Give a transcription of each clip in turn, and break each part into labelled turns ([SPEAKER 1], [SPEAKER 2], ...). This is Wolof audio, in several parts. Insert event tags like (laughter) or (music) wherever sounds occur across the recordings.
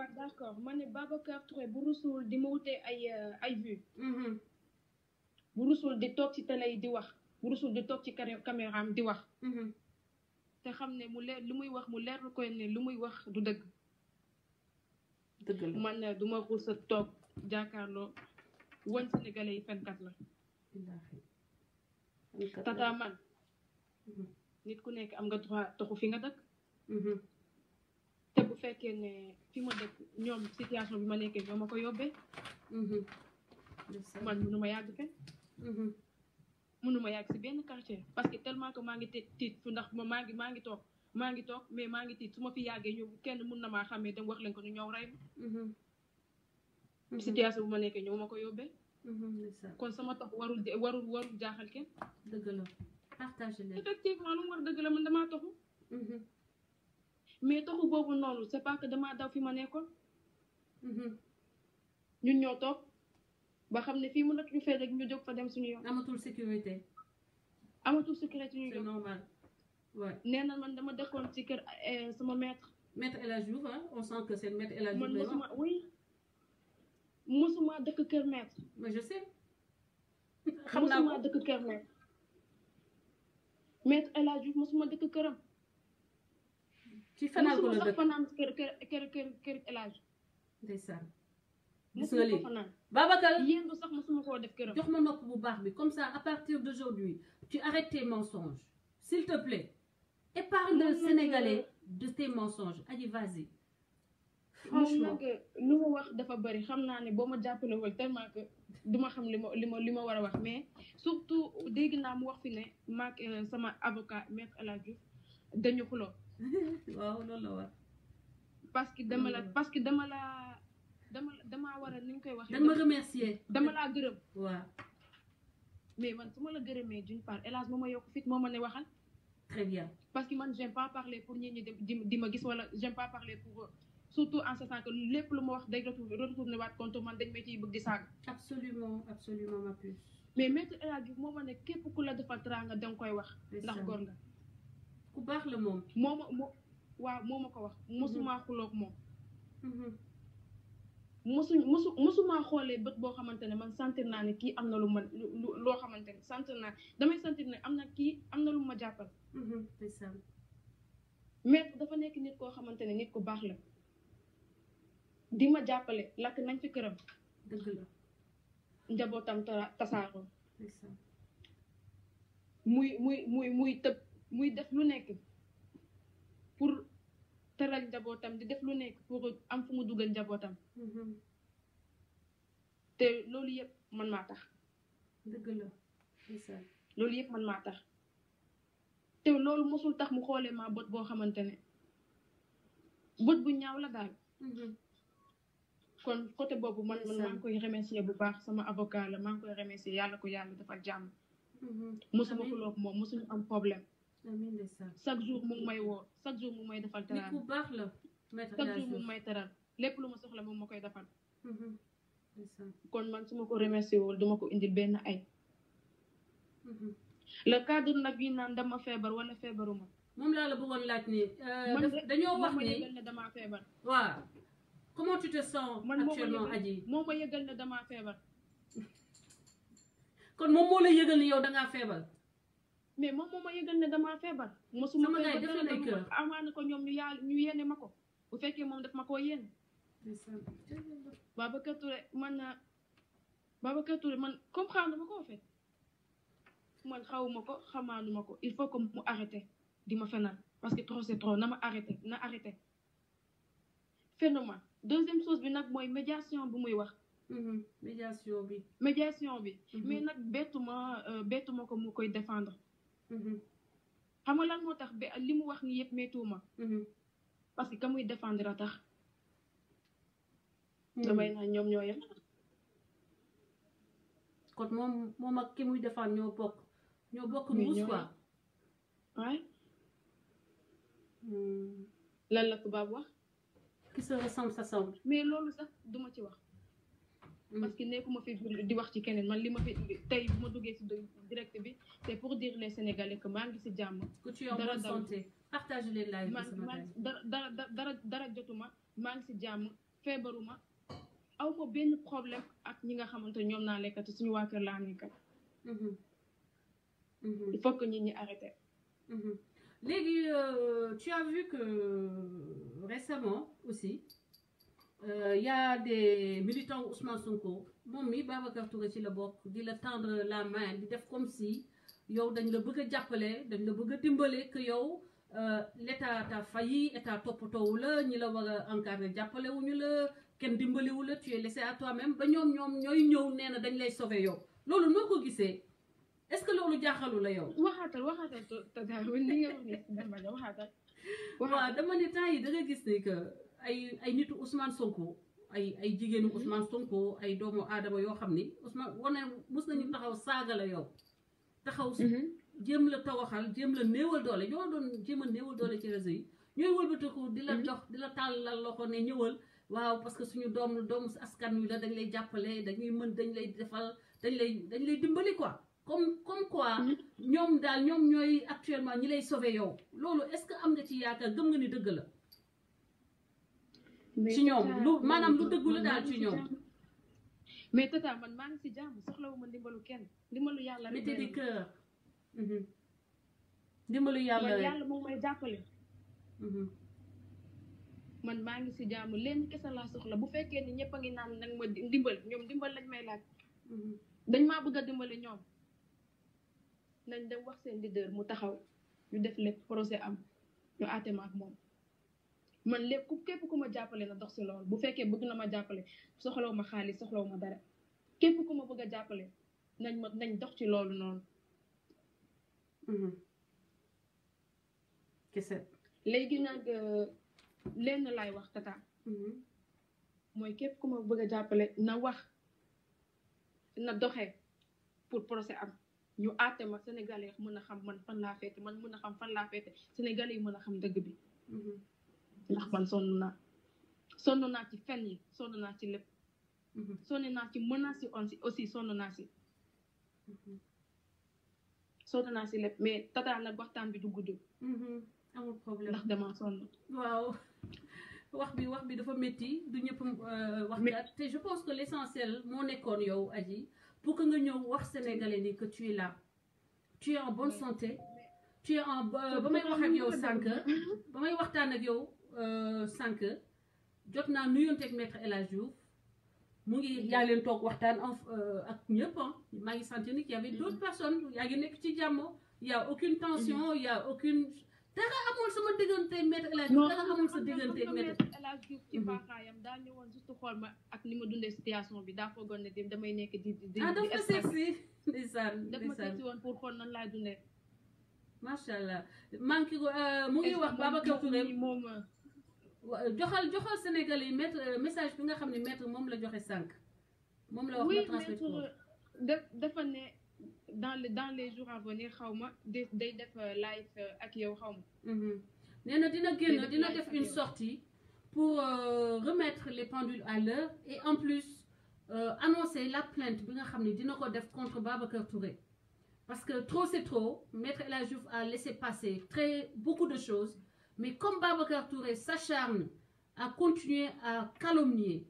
[SPEAKER 1] waaw d'accord ma ne Babacar Touré bu rusul di ma wutee ay euh, ay vues. Mm-hmm. di toog ci télé yi di wax bu rusul di toog ci caméra am di wax. Mm-hmm. te xam ne mu lu muy wax mu leer lu ko ne lu muy wax du dëgg.
[SPEAKER 2] dëgg la man
[SPEAKER 1] euh, du ma ruus a toog jàkkaarloo woon Sénégalais yi fenkat la. tata mm-hmm. nit ku nekk am nga droit fi nga dëkk. fekkee ne fi ma dëkk ñoom situation bi ma nekkee ñoom ma ko yóbbee. Mhm. man mënuma yàgg fenn. Mhm. ma yàgg si benn quartier parce que tellement ko maa ngi tiit fu ndax ma maa ngi maa ngi toog maa ngi toog maa ngi tiit su ma fi yàggee ñoom kenn mun na maa xàmmee dem wax leen ko ñu ñëw rey ma. Mhm. situation bi ma nekkee ñoom ma ko yóbbee. kon sama tox warul warul warul jaaxal kenn. dëgg la partagé leen mu war dëgg la man damaa mais toxu boobu noonu c'est pas que damaa daw fi ma nekkoon. Mm-hmm. ñun ñoo toog ba xam ne fii mu nekk ñu fee rek ñu jóg fa dem suñuy yoon. amatul sécurité. amatul sécurité ñu jóg c'est normal. waaw nee na man dama dëkkoon ci kër eh, sama maître. maître El Hadj Diouf on sent que c'est maître El Hadj Diouf. dëkk kër maître. mais je sais. xam naa mosuma dëkk kër maître. maître El Hadj Diouf mosuma dëkk këram. ci fanaan ko la dëkk fanaan kër kër kër kër kër
[SPEAKER 2] El Hadj. ndeysaan. gis nga lii Babacar yéen sax mosuma koo def kër jox ma nopp bu baax bi comme ça à partir d'aujourd'hui tu arrêtes tes mensonges s'il te plaît épargne le Sénégalais de tes mensonges Adji vas-y. franchement nag
[SPEAKER 1] nu mu wax dafa bëri xam naa ne boo ma jàppale wal tellement que duma xam li ma li ma li ma war a wax mais surtout dégg naa mu wax fi ne maak euh, sama avocat maître El Hadj dañu xuloo (laughs) waaw loolu la war. parce que dama la parce que dama la dama damaa war ni ñu koy
[SPEAKER 2] waxee. dama remercier dama laa gërëm. waaw.
[SPEAKER 1] mais man su ma la gërëmee d'une part hélas moo ma yokk fit moo ma ne waxal. très bien parce que man j'aime pas di ma gis wala j'aime pas parler pour euh, surtout en que lépp lu ma wax day retourné retourné waat compte man dañ ma ciy bëgg di mais maître El Hadj man ne képp ku la defal teraanga danga koy wax. ndax gor la ku baax la moom. moo ma moo waaw ma ko wax. Mm-hmm. mosuma xuloog moom. Mm-hmm. mosu mosu mosuma xoolee bët boo xamante ne man sentir naa ne kii am na lu ma loo xamante ne sentir naa damay sentir ne am na kii am na lu ma jàppal. Mm-hmm. mais dafa nekk nit koo xamante ne nit ku baax la. di ma jàppale lakk nañ fi këram. dëgg la. njabootam tasaaroo. muy muy muy muy tëb. muy def lu nekk pour teral njabootam di def lu nekk pour am fu mu dugal njabootam. Mm-hmm. te loolu yëpp man maa tax. dëgg la loolu yëpp man maa tax te loolu mosul tax mu xoolee maa bët boo xamante ne bët bu ñaaw la daal. Mm-hmm. kon côté boobu man man maa ngi koy remercier bu baax sama avocat la maa ngi koy remercier yàlla ko yàlla dafa jàmm. Mm-hmm. mosuma ko loog moom mosuñu am problème. amiin chaque jour mu may woo chaque jour mu may defal teral nit ku baax la. chaque jour mu may teral lépp lu ma soxla moom ma koy defal. Mhm, kon man su ma ko remercié wul duma ko indil benn ay. Mhm. le cadre nag yi naan dama feebar wala feebaruma.
[SPEAKER 2] moom laa la bëggoon laaj euh,
[SPEAKER 1] dama feebar. waaw comment tu te moo ma yëgal ne dama feebar. (laughs)
[SPEAKER 2] kon moom moo la yëgal ni yow da ngaa feebar.
[SPEAKER 1] mais moom moo ma yëgal ne damaa feebar. mosuma ko yëgal amaana ko ñoom ñu yaa ñu yéene ma ko bu fekkee moom daf ma koo yéene. Babacar Touré man naa Babacar Touré man comprendre ma ko fait man xawuma ko xamaanuma ko il faut que mu arrêté di ma fenal parce que trop c'est trop na ma arrêté na arrêté. phénomène deuxième chose bi nag mooy médiation bu muy wax. Mm-hmm. médiation bi. médiation bi. Mm-hmm. mais nag bettuma euh, bettuma ko mu koy défendre. Mm-hmm. xam lan moo tax ba li mu wax ni yëpp méttiwu ma. Mm-hmm. parce que ka muy défendre a tax.
[SPEAKER 2] Mm-hmm. damay naan ñoom ñoo yem. kon moom moom ak ki muy défendre ñoo bokk. ñoo bokk mbuus quoi. waay. lan la tubaab wax. qui se ressemble
[SPEAKER 1] s'assemble. mais loolu sax duma ci wax. Mm. parce que nekkuma fi di wax ci keneen man li ma fi tey bu ma duggee ci direct bi c'est pour dire les sénégalais que maa ngi ci jàmm. que tu es en bonne santé partagez les live ce matin dara dara dara jotuma maa ngi si jàmm feebaruma aw ma benn problème ak ñi nga xamante ñoom naa lekkati suñu waa kër laa nekkat. Mhm. Mhm. il faut ñi arrêté.
[SPEAKER 2] Mhm. léegi euh, tu as vu que euh, récemment aussi. Euh, y a des militants Ousmane Sonko moom mi Babacar Touré ci la bokk di la tendre la main di def comme si yow dañ la bëgg a jàppale dañ la bëgg a dimbale que yow euh, l'état t'a failli état toppatoowu la ñi la war a encadré jàppale wu ñu la kenn dimbaliwu la tu es laissé à toi-même ba ñoom ñoom ñooy ñëw nee na dañ lay sauver yow loolu noo ko gisee est-ce que loolu jaaxalu la yow. waxaatal waxaatal Tata li nga wax nii dama (laughs) dama ne temps yi da nga gis ay ay nitu Ousmane Sonko ay ay jigéenu mhm. Ousmane Sonko ay doomu aadama yoo xam ni Ousmane wane mus nañu mhm. taxaw saaga la yow taxaw jëm mhm. la tawaxal jëm la néewal doole ñoo doon jéem a néewal doole ci réseau yi ñooy wëlbatiku di la jox di la tàllal loxo ne ñëwal waaw parce que suñu doom doomu askan wi la dañ lay jàppale dañuy mën dañ lay defal dañ lay dañ lay dimbali quoi comme comme quoi ñoom daal ñoom ñooy actuellement ñi lay sauver yow loolu est-ce que am na ci yaakaar gëm nga ni dëgg la ci ñoom lu maanaam lu dëgg la daal ci ñoom.
[SPEAKER 1] mais tata man maa ngi ci jàmm soxlawuma ndimbalu kenn ndimbalu yàlla. mettez du
[SPEAKER 2] cœur. ndimbalu yàlla rek man yàlla may jàppale. Mhm.
[SPEAKER 1] man maa ngi si jàmm leen kese laa soxla bu fekkee ni ñëpp a ngi naan nag ma ndimbal ñoom ndimbal lañ may laaj. Mhm. dañ maa bëgg a dimbali ñoom. nañ dem wax seen leader mu taxaw ñu def lépp projet am ñu àtte ma moom. man lépp ku képp ku ma jàppale na dox si loolu bu fekkee bëgg na ma jàppale soxlaw ma xaalis soxlaw ma dara képp ku ma bëgg a jàppale nañ ma nañ dox ci loolu noonu.
[SPEAKER 2] Mm-hmm. kese.
[SPEAKER 1] léegi nag euh, lenn laay wax tata. Mm-hmm. mooy képp ku ma bëgg a jàppale na wax na doxe pour procès am ñu àtte ma sénégalais mën a xam man fan laa féete man mën a xam fan laa féete sénégalais yi mën a xam dëgg bi. Mm-hmm. ndax man sonn naa sonn naa ci fen yi sonn naa ci lépp mm-hmm. sonn naa ci menaces yi aussi sonn naa si mm-hmm. sonn naa si lépp mais tata waxtaan bi du guddi
[SPEAKER 2] mm-hmm. amul problème ndax dama sonn waaw wax bi wax bi dafa métti du ñëpp euh, wax te je pense que l'essentiel moo nekkoon yow Adji pour que nga ñëw wax sénégalais ni que tu es là tu es en bonne santé tu en euh, ba may wax ak yow sànq ba may waxtaan ak yow Euh, sànq jot naa nuyonteeg maître El Hadj mu ngi yaa leen toog waxtaan euh, ak ñëpp ah. maa ngi sentir ni qu'il y avait d'autres mm-hmm. yaa ngi nekk ci jàmm y' a aucune tension mm-hmm. y' a aucune dara amul sama diggante maître El Hadj Diouf dara amul sa diggante maître
[SPEAKER 1] El Hadj Diouf ci mm-hmm. baaxaayam daa ñëwoon juste xool ma ak ni ma dundee situation bi daa foogoon ne damay nekk di di ah daf ma seet si
[SPEAKER 2] ndeysaan daf ma seet si woon pour xool nan laay dundee macha allah maa ngi ko euh, mu ngi wax Babacar Touré moom joxal joxal Sénégalais yi maître euh, message bi nga xam ne maître moom la joxe sànq. moom la wax nga transmettre
[SPEAKER 1] dafa ne dans les dans les jours à xaw ma day def euh, live euh, ak yow xaw
[SPEAKER 2] ma. Mm-hmm. nee na dina génn dina def une sortie pour remettre les pendules à l'heure et en plus annoncer la plainte bi nga xam ne dina ko def contre Babacar Touré. parce que trop c'est trop maître El Hadj Diouf a laissé passer très beaucoup de choses. Mais comme Babacar Touré s'acharne à continuer à calomnier,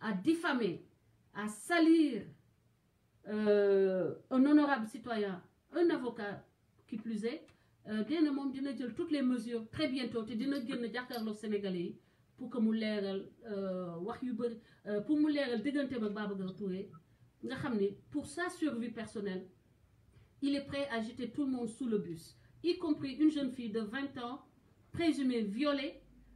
[SPEAKER 2] à diffamer, à salir euh, un honorable citoyen, un avocat qui plus est, génn euh, moom dina jël toutes les mesures très bientôt te dina génn jàkkaarloog Sénégalais yi pour que mu leeral euh, wax yu bëri euh, pour mu leeral digganteem ak Babacar Touré nga xam ne pour sa survie personnelle il est prêt à jeter tout le monde sous le bus y compris une jeune fille de vingt ans présumé violée,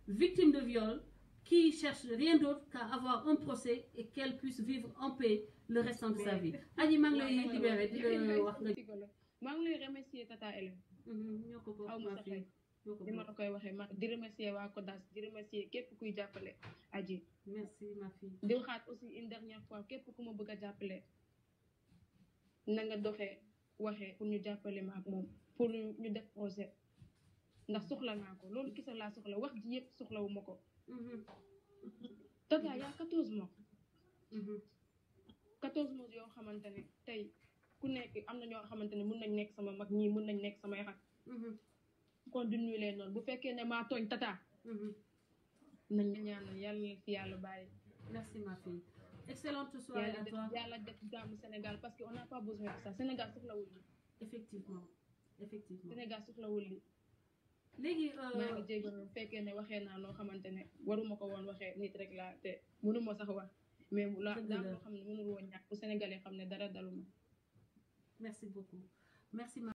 [SPEAKER 2] victime de viol, qui cherche rien d'autre qu'à avoir un procès et qu'elle puisse vivre en paix le restant de sa vie. Aji maa ngi lay libéré di la wax nga.
[SPEAKER 1] maa ngi lay remercier Tata Hélène. Mm-hmm, ñoo ko bokk ma fi koy waxee ma di remercier waa CODAS di remercier képp kuy jàppale
[SPEAKER 2] Aji. merci ma fille. di
[SPEAKER 1] waxaat aussi une dernière fois képp ku ma bëgg a jàppale na nga doxee waxee pour ñu jàppale ma ak moom pour ñu def projet. ndax soxla naa ko loolu kese laa soxla wax ji yëpp soxlawu ma ko. Mm-hmm. Tata yaa 14 mm-hmm. mois. yoo xamante ne tey ku nekk am na ñoo xamante ne mun nañ nekk sama mag ñii mun nañ nekk samay rak. Mm-hmm. kon du leen noonu bu fekkee ne maa tooñ Tata. nañ ñaanal yàlla na fi yàlla bàyyi. merci ma fille. excellente soirée à toi yàlla def Sénégal parce que on n'a pas besoin de ça Sénégal soxlawul lii. Sénégal soxlawul lii. léegi. Euh, maa ngi jégalu bu fekkee ne waxee naa loo xamante ne waruma ko woon waxee nit rek laa te mënuma sax wax. mais mu la daal loo xam ne mënul woon ñàkk bu sénégalais xam ne dara daluma. merci beaucoup